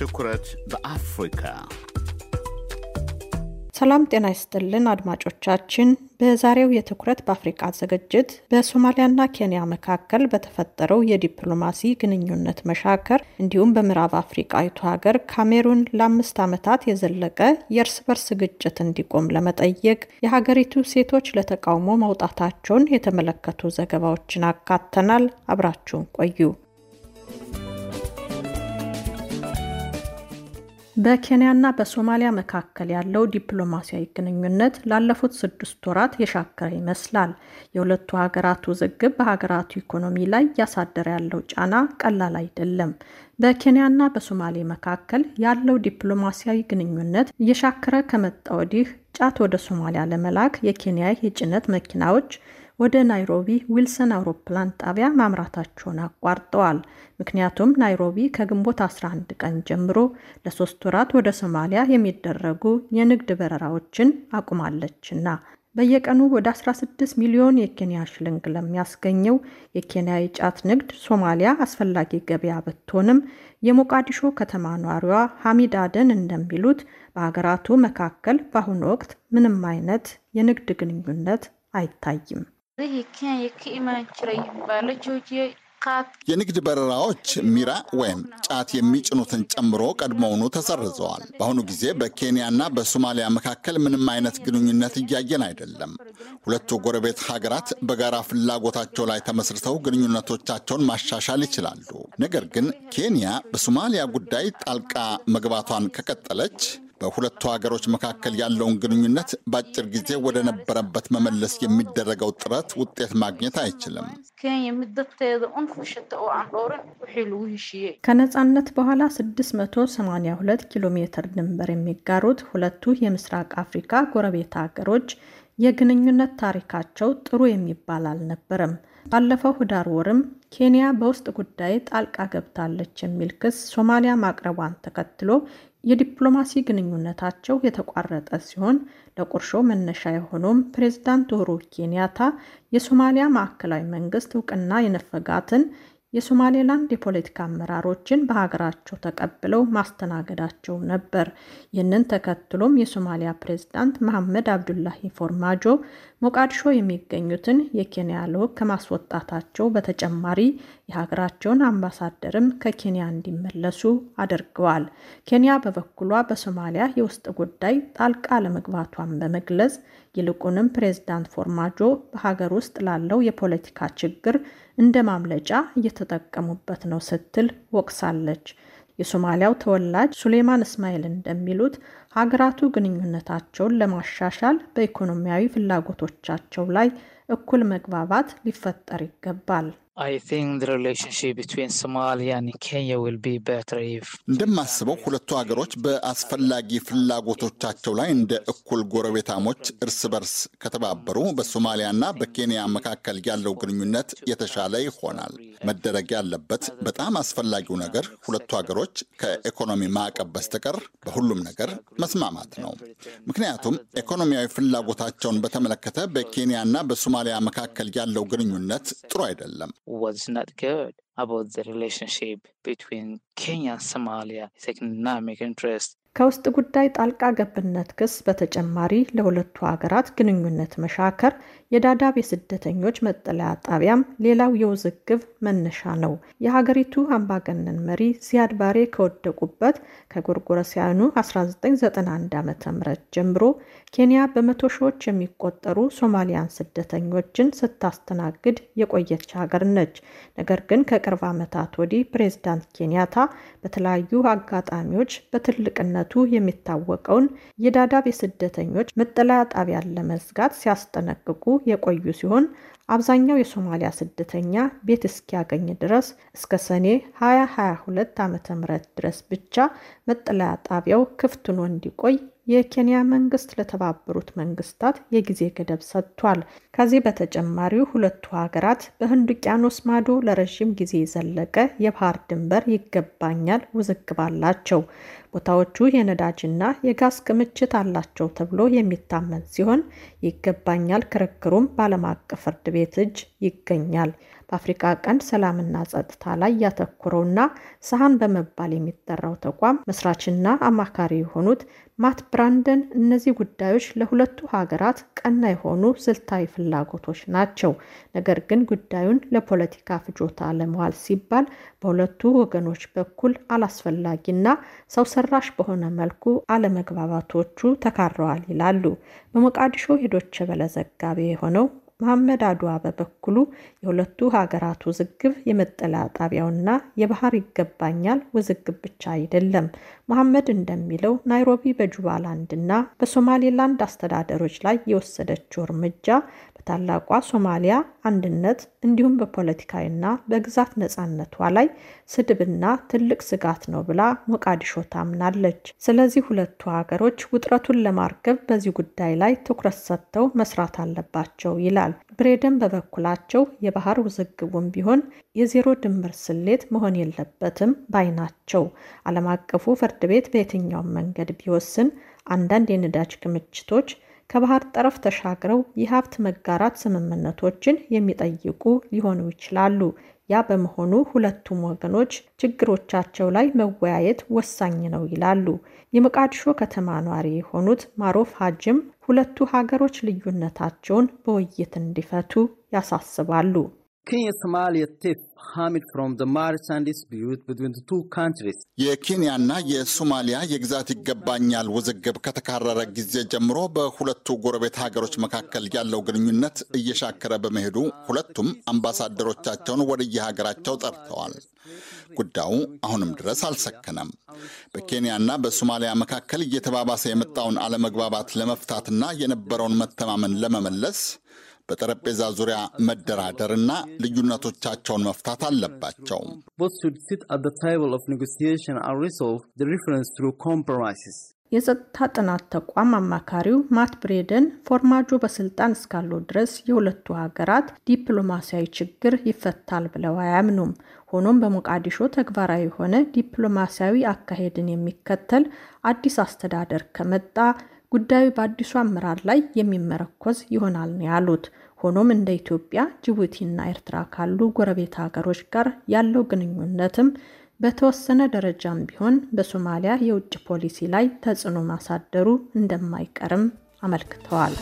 ትኩረት በአፍሪካ ሰላም ጤና ይስጥልን አድማጮቻችን። በዛሬው የትኩረት በአፍሪቃ ዝግጅት በሶማሊያና ኬንያ መካከል በተፈጠረው የዲፕሎማሲ ግንኙነት መሻከር እንዲሁም በምዕራብ አፍሪቃዊቱ ሀገር ካሜሩን ለአምስት ዓመታት የዘለቀ የእርስ በርስ ግጭት እንዲቆም ለመጠየቅ የሀገሪቱ ሴቶች ለተቃውሞ መውጣታቸውን የተመለከቱ ዘገባዎችን አካተናል። አብራችሁን ቆዩ። በኬንያና በሶማሊያ መካከል ያለው ዲፕሎማሲያዊ ግንኙነት ላለፉት ስድስት ወራት የሻከረ ይመስላል። የሁለቱ ሀገራት ውዝግብ በሀገራቱ ኢኮኖሚ ላይ እያሳደረ ያለው ጫና ቀላል አይደለም። በኬንያና በሶማሌ መካከል ያለው ዲፕሎማሲያዊ ግንኙነት እየሻከረ ከመጣ ወዲህ ጫት ወደ ሶማሊያ ለመላክ የኬንያ የጭነት መኪናዎች ወደ ናይሮቢ ዊልሰን አውሮፕላን ጣቢያ ማምራታቸውን አቋርጠዋል። ምክንያቱም ናይሮቢ ከግንቦት 11 ቀን ጀምሮ ለሶስት ወራት ወደ ሶማሊያ የሚደረጉ የንግድ በረራዎችን አቁማለችና። በየቀኑ ወደ 16 ሚሊዮን የኬንያ ሽልንግ ለሚያስገኘው የኬንያ የጫት ንግድ ሶማሊያ አስፈላጊ ገበያ ብትሆንም የሞቃዲሾ ከተማ ኗሪዋ ሐሚድ አደን እንደሚሉት በሀገራቱ መካከል በአሁኑ ወቅት ምንም አይነት የንግድ ግንኙነት አይታይም። የንግድ በረራዎች ሚራ ወይም ጫት የሚጭኑትን ጨምሮ ቀድሞውኑ ተሰርዘዋል። በአሁኑ ጊዜ በኬንያና በሶማሊያ መካከል ምንም አይነት ግንኙነት እያየን አይደለም። ሁለቱ ጎረቤት ሀገራት በጋራ ፍላጎታቸው ላይ ተመስርተው ግንኙነቶቻቸውን ማሻሻል ይችላሉ። ነገር ግን ኬንያ በሶማሊያ ጉዳይ ጣልቃ መግባቷን ከቀጠለች በሁለቱ ሀገሮች መካከል ያለውን ግንኙነት በአጭር ጊዜ ወደ ነበረበት መመለስ የሚደረገው ጥረት ውጤት ማግኘት አይችልም። ከነጻነት በኋላ 682 ኪሎ ሜትር ድንበር የሚጋሩት ሁለቱ የምስራቅ አፍሪካ ጎረቤት ሀገሮች የግንኙነት ታሪካቸው ጥሩ የሚባል አልነበረም። ባለፈው ህዳር ወርም ኬንያ በውስጥ ጉዳይ ጣልቃ ገብታለች የሚል ክስ ሶማሊያ ማቅረቧን ተከትሎ የዲፕሎማሲ ግንኙነታቸው የተቋረጠ ሲሆን ለቁርሾ መነሻ የሆነውም ፕሬዝዳንት ኡሁሩ ኬንያታ የሶማሊያ ማዕከላዊ መንግስት እውቅና የነፈጋትን የሶማሌላንድ የፖለቲካ አመራሮችን በሀገራቸው ተቀብለው ማስተናገዳቸው ነበር። ይህንን ተከትሎም የሶማሊያ ፕሬዝዳንት መሐመድ አብዱላሂ ፎርማጆ ሞቃዲሾ የሚገኙትን የኬንያ ልዑክ ከማስወጣታቸው በተጨማሪ የሀገራቸውን አምባሳደርም ከኬንያ እንዲመለሱ አድርገዋል። ኬንያ በበኩሏ በሶማሊያ የውስጥ ጉዳይ ጣልቃ ለመግባቷን በመግለጽ ይልቁንም ፕሬዝዳንት ፎርማጆ በሀገር ውስጥ ላለው የፖለቲካ ችግር እንደ ማምለጫ እየተጠቀሙበት ነው ስትል ወቅሳለች። የሶማሊያው ተወላጅ ሱሌማን እስማኤል እንደሚሉት ሀገራቱ ግንኙነታቸውን ለማሻሻል በኢኮኖሚያዊ ፍላጎቶቻቸው ላይ እኩል መግባባት ሊፈጠር ይገባል። I think the እንደማስበው ሁለቱ ሀገሮች በአስፈላጊ ፍላጎቶቻቸው ላይ እንደ እኩል ጎረቤታሞች እርስ በርስ ከተባበሩ በሶማሊያና በኬንያ መካከል ያለው ግንኙነት የተሻለ ይሆናል። መደረግ ያለበት በጣም አስፈላጊው ነገር ሁለቱ ሀገሮች ከኢኮኖሚ ማዕቀብ በስተቀር በሁሉም ነገር መስማማት ነው። ምክንያቱም ኢኮኖሚያዊ ፍላጎታቸውን በተመለከተ በኬንያና በሶማሊያ መካከል ያለው ግንኙነት ጥሩ አይደለም። was not good about the relationship between Kenya and Somalia, its economic interests, ከውስጥ ጉዳይ ጣልቃ ገብነት ክስ በተጨማሪ ለሁለቱ ሀገራት ግንኙነት መሻከር የዳዳብ የስደተኞች መጠለያ ጣቢያም ሌላው የውዝግብ መነሻ ነው። የሀገሪቱ አምባገነን መሪ ዚያድ ባሬ ከወደቁበት ከጎርጎሮሳውያኑ 1991 ዓ.ም ጀምሮ ኬንያ በመቶ ሺዎች የሚቆጠሩ ሶማሊያን ስደተኞችን ስታስተናግድ የቆየች ሀገር ነች። ነገር ግን ከቅርብ ዓመታት ወዲህ ፕሬዝዳንት ኬንያታ በተለያዩ አጋጣሚዎች በትልቅነት በመሪነቱ የሚታወቀውን የዳዳብ የስደተኞች መጠለያ ጣቢያን ለመዝጋት ሲያስጠነቅቁ የቆዩ ሲሆን አብዛኛው የሶማሊያ ስደተኛ ቤት እስኪያገኝ ድረስ እስከ ሰኔ 2022 ዓ.ም ድረስ ብቻ መጠለያ ጣቢያው ክፍት ሆኖ እንዲቆይ የኬንያ መንግስት ለተባበሩት መንግስታት የጊዜ ገደብ ሰጥቷል። ከዚህ በተጨማሪ ሁለቱ ሀገራት በህንድ ውቅያኖስ ማዶ ለረዥም ጊዜ የዘለቀ የባህር ድንበር ይገባኛል ውዝግብ አላቸው። ቦታዎቹ የነዳጅና የጋዝ ክምችት አላቸው ተብሎ የሚታመን ሲሆን ይገባኛል ክርክሩም በዓለም አቀፍ ፍርድ ቤት እጅ ይገኛል። በአፍሪካ ቀንድ ሰላምና ጸጥታ ላይ ያተኮረውና ሰሃን በመባል የሚጠራው ተቋም መስራችና አማካሪ የሆኑት ማት ብራንደን እነዚህ ጉዳዮች ለሁለቱ ሀገራት ቀና የሆኑ ስልታዊ ፍላጎቶች ናቸው፣ ነገር ግን ጉዳዩን ለፖለቲካ ፍጆታ ለመዋል ሲባል በሁለቱ ወገኖች በኩል አላስፈላጊና ሰው ሰራሽ በሆነ መልኩ አለመግባባቶቹ ተካረዋል ይላሉ። በሞቃዲሾ ሄዶች ቬለ ዘጋቢ የሆነው መሐመድ አድዋ በበኩሉ የሁለቱ ሀገራት ውዝግብ የመጠለያ ጣቢያውና የባህር ይገባኛል ውዝግብ ብቻ አይደለም። መሐመድ እንደሚለው ናይሮቢ እና በሶማሌላንድ አስተዳደሮች ላይ የወሰደችው እርምጃ በታላቋ ሶማሊያ አንድነት እንዲሁም በፖለቲካዊና በግዛት ነጻነቷ ላይ ስድብና ትልቅ ስጋት ነው ብላ ሞቃዲሾ ታምናለች። ስለዚህ ሁለቱ ሀገሮች ውጥረቱን ለማርገብ በዚህ ጉዳይ ላይ ትኩረት ሰጥተው መስራት አለባቸው ይላል። ብሬደን በበኩላቸው የባህር ውዝግቡም ቢሆን የዜሮ ድምር ስሌት መሆን የለበትም ባይ ናቸው። ዓለም አቀፉ ፍርድ ቤት በየትኛውም መንገድ ቢወስን አንዳንድ የነዳጅ ክምችቶች ከባህር ጠረፍ ተሻግረው የሀብት መጋራት ስምምነቶችን የሚጠይቁ ሊሆኑ ይችላሉ። ያ በመሆኑ ሁለቱም ወገኖች ችግሮቻቸው ላይ መወያየት ወሳኝ ነው ይላሉ። የሞቃዲሾ ከተማ ኗሪ የሆኑት ማሮፍ ሀጅም ሁለቱ ሀገሮች ልዩነታቸውን በውይይት እንዲፈቱ ያሳስባሉ። የኬንያና የሶማሊያ የግዛት ይገባኛል ውዝግብ ከተካረረ ጊዜ ጀምሮ በሁለቱ ጎረቤት ሀገሮች መካከል ያለው ግንኙነት እየሻከረ በመሄዱ ሁለቱም አምባሳደሮቻቸውን ወደየሀገራቸው ጠርተዋል። ጉዳዩ አሁንም ድረስ አልሰከነም። በኬንያና በሶማሊያ መካከል እየተባባሰ የመጣውን አለመግባባት ለመፍታትና የነበረውን መተማመን ለመመለስ በጠረጴዛ ዙሪያ መደራደርና ልዩነቶቻቸውን መፍታት አለባቸው። የጸጥታ ጥናት ተቋም አማካሪው ማት ብሬደን ፎርማጆ በስልጣን እስካለው ድረስ የሁለቱ ሀገራት ዲፕሎማሲያዊ ችግር ይፈታል ብለው አያምኑም። ሆኖም በሞቃዲሾ ተግባራዊ የሆነ ዲፕሎማሲያዊ አካሄድን የሚከተል አዲስ አስተዳደር ከመጣ ጉዳዩ በአዲሱ አመራር ላይ የሚመረኮዝ ይሆናል ነው ያሉት። ሆኖም እንደ ኢትዮጵያ፣ ጅቡቲና ኤርትራ ካሉ ጎረቤት ሀገሮች ጋር ያለው ግንኙነትም በተወሰነ ደረጃም ቢሆን በሶማሊያ የውጭ ፖሊሲ ላይ ተጽዕኖ ማሳደሩ እንደማይቀርም አመልክተዋል።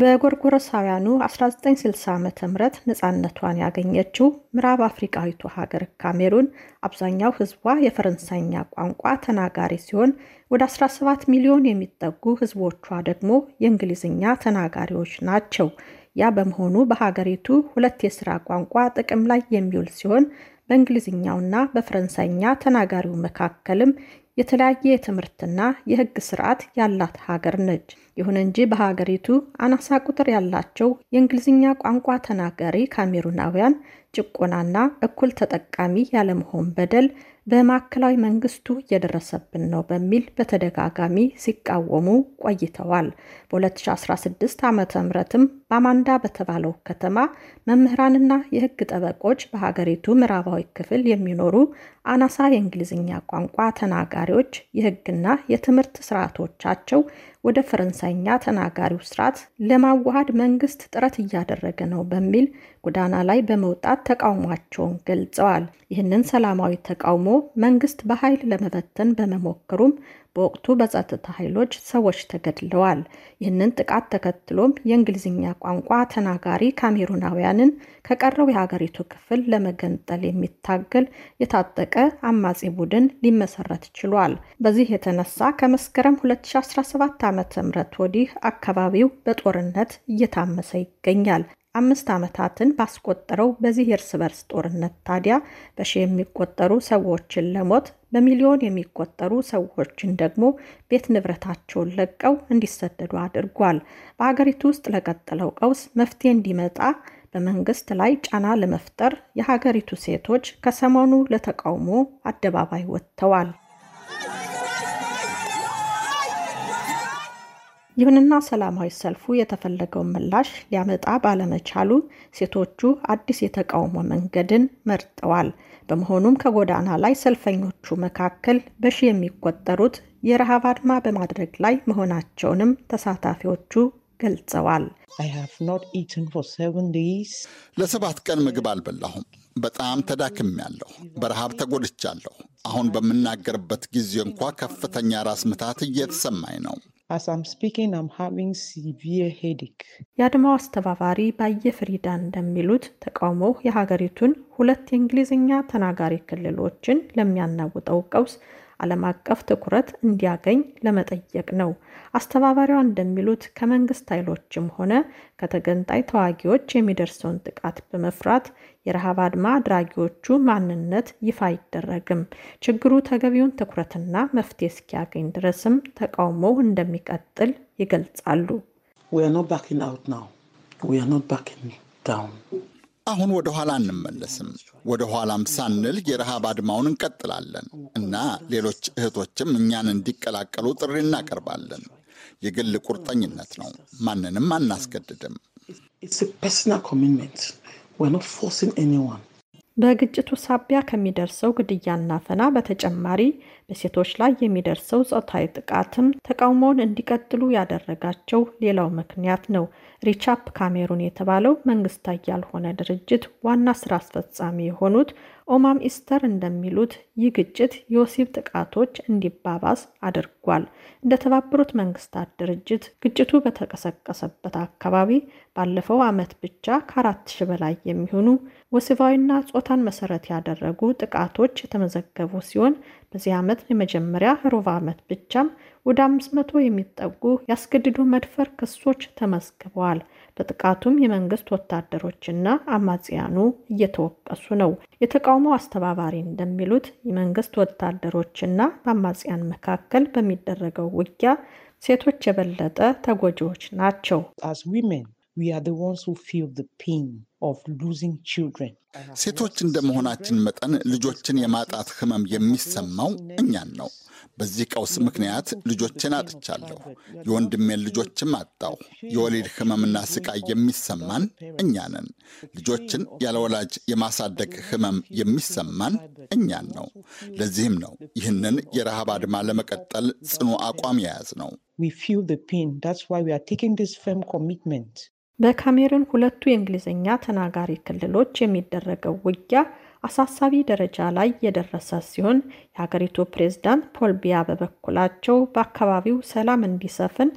በጎርጎረሳውያኑ 1960 ዓ ም ነፃነቷን ያገኘችው ምዕራብ አፍሪቃዊቱ ሀገር ካሜሩን አብዛኛው ህዝቧ የፈረንሳይኛ ቋንቋ ተናጋሪ ሲሆን ወደ 17 ሚሊዮን የሚጠጉ ህዝቦቿ ደግሞ የእንግሊዝኛ ተናጋሪዎች ናቸው። ያ በመሆኑ በሀገሪቱ ሁለት የስራ ቋንቋ ጥቅም ላይ የሚውል ሲሆን በእንግሊዝኛውና በፈረንሳይኛ ተናጋሪው መካከልም የተለያየ የትምህርትና የህግ ስርዓት ያላት ሀገር ነች። ይሁን እንጂ በሀገሪቱ አናሳ ቁጥር ያላቸው የእንግሊዝኛ ቋንቋ ተናጋሪ ካሜሩናውያን ጭቆናና እኩል ተጠቃሚ ያለመሆን በደል በማዕከላዊ መንግስቱ እየደረሰብን ነው በሚል በተደጋጋሚ ሲቃወሙ ቆይተዋል። በ2016 ዓ ምትም በአማንዳ በተባለው ከተማ መምህራንና የህግ ጠበቆች በሀገሪቱ ምዕራባዊ ክፍል የሚኖሩ አናሳ የእንግሊዝኛ ቋንቋ ተናጋሪዎች የህግና የትምህርት ስርዓቶቻቸው ወደ ፈረንሳይኛ ተናጋሪው ስርዓት ለማዋሃድ መንግስት ጥረት እያደረገ ነው በሚል ጎዳና ላይ በመውጣት ተቃውሟቸውን ገልጸዋል። ይህንን ሰላማዊ ተቃውሞ መንግስት በኃይል ለመበተን በመሞከሩም በወቅቱ በጸጥታ ኃይሎች ሰዎች ተገድለዋል። ይህንን ጥቃት ተከትሎም የእንግሊዝኛ ቋንቋ ተናጋሪ ካሜሩናውያንን ከቀረው የሀገሪቱ ክፍል ለመገንጠል የሚታገል የታጠቀ አማጺ ቡድን ሊመሰረት ችሏል። በዚህ የተነሳ ከመስከረም 2017 ዓ.ም ወዲህ አካባቢው በጦርነት እየታመሰ ይገኛል። አምስት ዓመታትን ባስቆጠረው በዚህ እርስ በርስ ጦርነት ታዲያ በሺ የሚቆጠሩ ሰዎችን ለሞት በሚሊዮን የሚቆጠሩ ሰዎችን ደግሞ ቤት ንብረታቸውን ለቀው እንዲሰደዱ አድርጓል። በሀገሪቱ ውስጥ ለቀጠለው ቀውስ መፍትሄ እንዲመጣ በመንግስት ላይ ጫና ለመፍጠር የሀገሪቱ ሴቶች ከሰሞኑ ለተቃውሞ አደባባይ ወጥተዋል። ይሁንና ሰላማዊ ሰልፉ የተፈለገውን ምላሽ ሊያመጣ ባለመቻሉ ሴቶቹ አዲስ የተቃውሞ መንገድን መርጠዋል። በመሆኑም ከጎዳና ላይ ሰልፈኞቹ መካከል በሺ የሚቆጠሩት የረሃብ አድማ በማድረግ ላይ መሆናቸውንም ተሳታፊዎቹ ገልጸዋል። ለሰባት ቀን ምግብ አልበላሁም። በጣም ተዳክሜያለሁ። በረሃብ ተጎድቻለሁ። አሁን በምናገርበት ጊዜ እንኳ ከፍተኛ ራስ ምታት እየተሰማኝ ነው። የአድማው አስተባባሪ ባየ ፍሪዳ እንደሚሉት ተቃውሞ የሀገሪቱን ሁለት የእንግሊዝኛ ተናጋሪ ክልሎችን ለሚያናውጠው ቀውስ ዓለም አቀፍ ትኩረት እንዲያገኝ ለመጠየቅ ነው። አስተባባሪዋ እንደሚሉት ከመንግስት ኃይሎችም ሆነ ከተገንጣይ ተዋጊዎች የሚደርሰውን ጥቃት በመፍራት የረሃብ አድማ አድራጊዎቹ ማንነት ይፋ አይደረግም። ችግሩ ተገቢውን ትኩረትና መፍትሄ እስኪያገኝ ድረስም ተቃውሞው እንደሚቀጥል ይገልጻሉ። አሁን ወደ ኋላ አንመለስም። ወደ ኋላም ሳንል የረሃብ አድማውን እንቀጥላለን እና ሌሎች እህቶችም እኛን እንዲቀላቀሉ ጥሪ እናቀርባለን። የግል ቁርጠኝነት ነው። ማንንም አናስገድድም። በግጭቱ ሳቢያ ከሚደርሰው ግድያና ፈና በተጨማሪ በሴቶች ላይ የሚደርሰው ጾታዊ ጥቃትም ተቃውሞውን እንዲቀጥሉ ያደረጋቸው ሌላው ምክንያት ነው። ሪቻፕ ካሜሩን የተባለው መንግስታዊ ያልሆነ ድርጅት ዋና ስራ አስፈጻሚ የሆኑት ኦማም ኢስተር እንደሚሉት ይህ ግጭት የወሲብ ጥቃቶች እንዲባባስ አድርጓል። እንደተባበሩት መንግስታት ድርጅት ግጭቱ በተቀሰቀሰበት አካባቢ ባለፈው ዓመት ብቻ ከአራት ሺህ በላይ የሚሆኑ ወሲባዊና ጾታን መሰረት ያደረጉ ጥቃቶች የተመዘገቡ ሲሆን በዚህ ዓመት የመጀመሪያ ሩብ ዓመት ብቻም ወደ 500 የሚጠጉ ያስገድዶ መድፈር ክሶች ተመዝግበዋል። በጥቃቱም የመንግስት ወታደሮችና አማጽያኑ እየተወቀሱ ነው። የተቃውሞ አስተባባሪ እንደሚሉት የመንግስት ወታደሮችና በአማጽያን መካከል በሚደረገው ውጊያ ሴቶች የበለጠ ተጎጂዎች ናቸው። Uh-huh. ሴቶች እንደመሆናችን መጠን ልጆችን የማጣት ህመም የሚሰማው እኛን ነው። በዚህ ቀውስ ምክንያት ልጆችን አጥቻለሁ። የወንድሜን ልጆችም አጣው የወሊድ ህመምና ስቃይ የሚሰማን እኛ ነን። ልጆችን ያለ ወላጅ የማሳደግ ህመም የሚሰማን እኛን ነው። ለዚህም ነው ይህንን የረሃብ አድማ ለመቀጠል ጽኑ አቋም የያዝ ነው። በካሜሩን ሁለቱ የእንግሊዝኛ ተናጋሪ ክልሎች የሚደረገው ውጊያ አሳሳቢ ደረጃ ላይ የደረሰ ሲሆን የሀገሪቱ ፕሬዝዳንት ፖል ቢያ በበኩላቸው በአካባቢው ሰላም እንዲሰፍን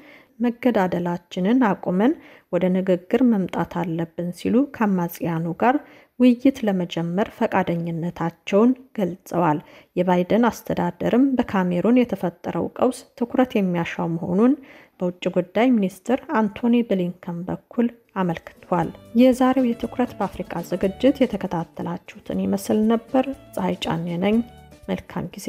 መገዳደላችንን አቁመን ወደ ንግግር መምጣት አለብን ሲሉ ከአማጽያኑ ጋር ውይይት ለመጀመር ፈቃደኝነታቸውን ገልጸዋል። የባይደን አስተዳደርም በካሜሩን የተፈጠረው ቀውስ ትኩረት የሚያሻው መሆኑን በውጭ ጉዳይ ሚኒስትር አንቶኒ ብሊንከን በኩል አመልክቷል። የዛሬው የትኩረት በአፍሪካ ዝግጅት የተከታተላችሁትን ይመስል ነበር። ፀሐይ ጫኔ ነኝ። መልካም ጊዜ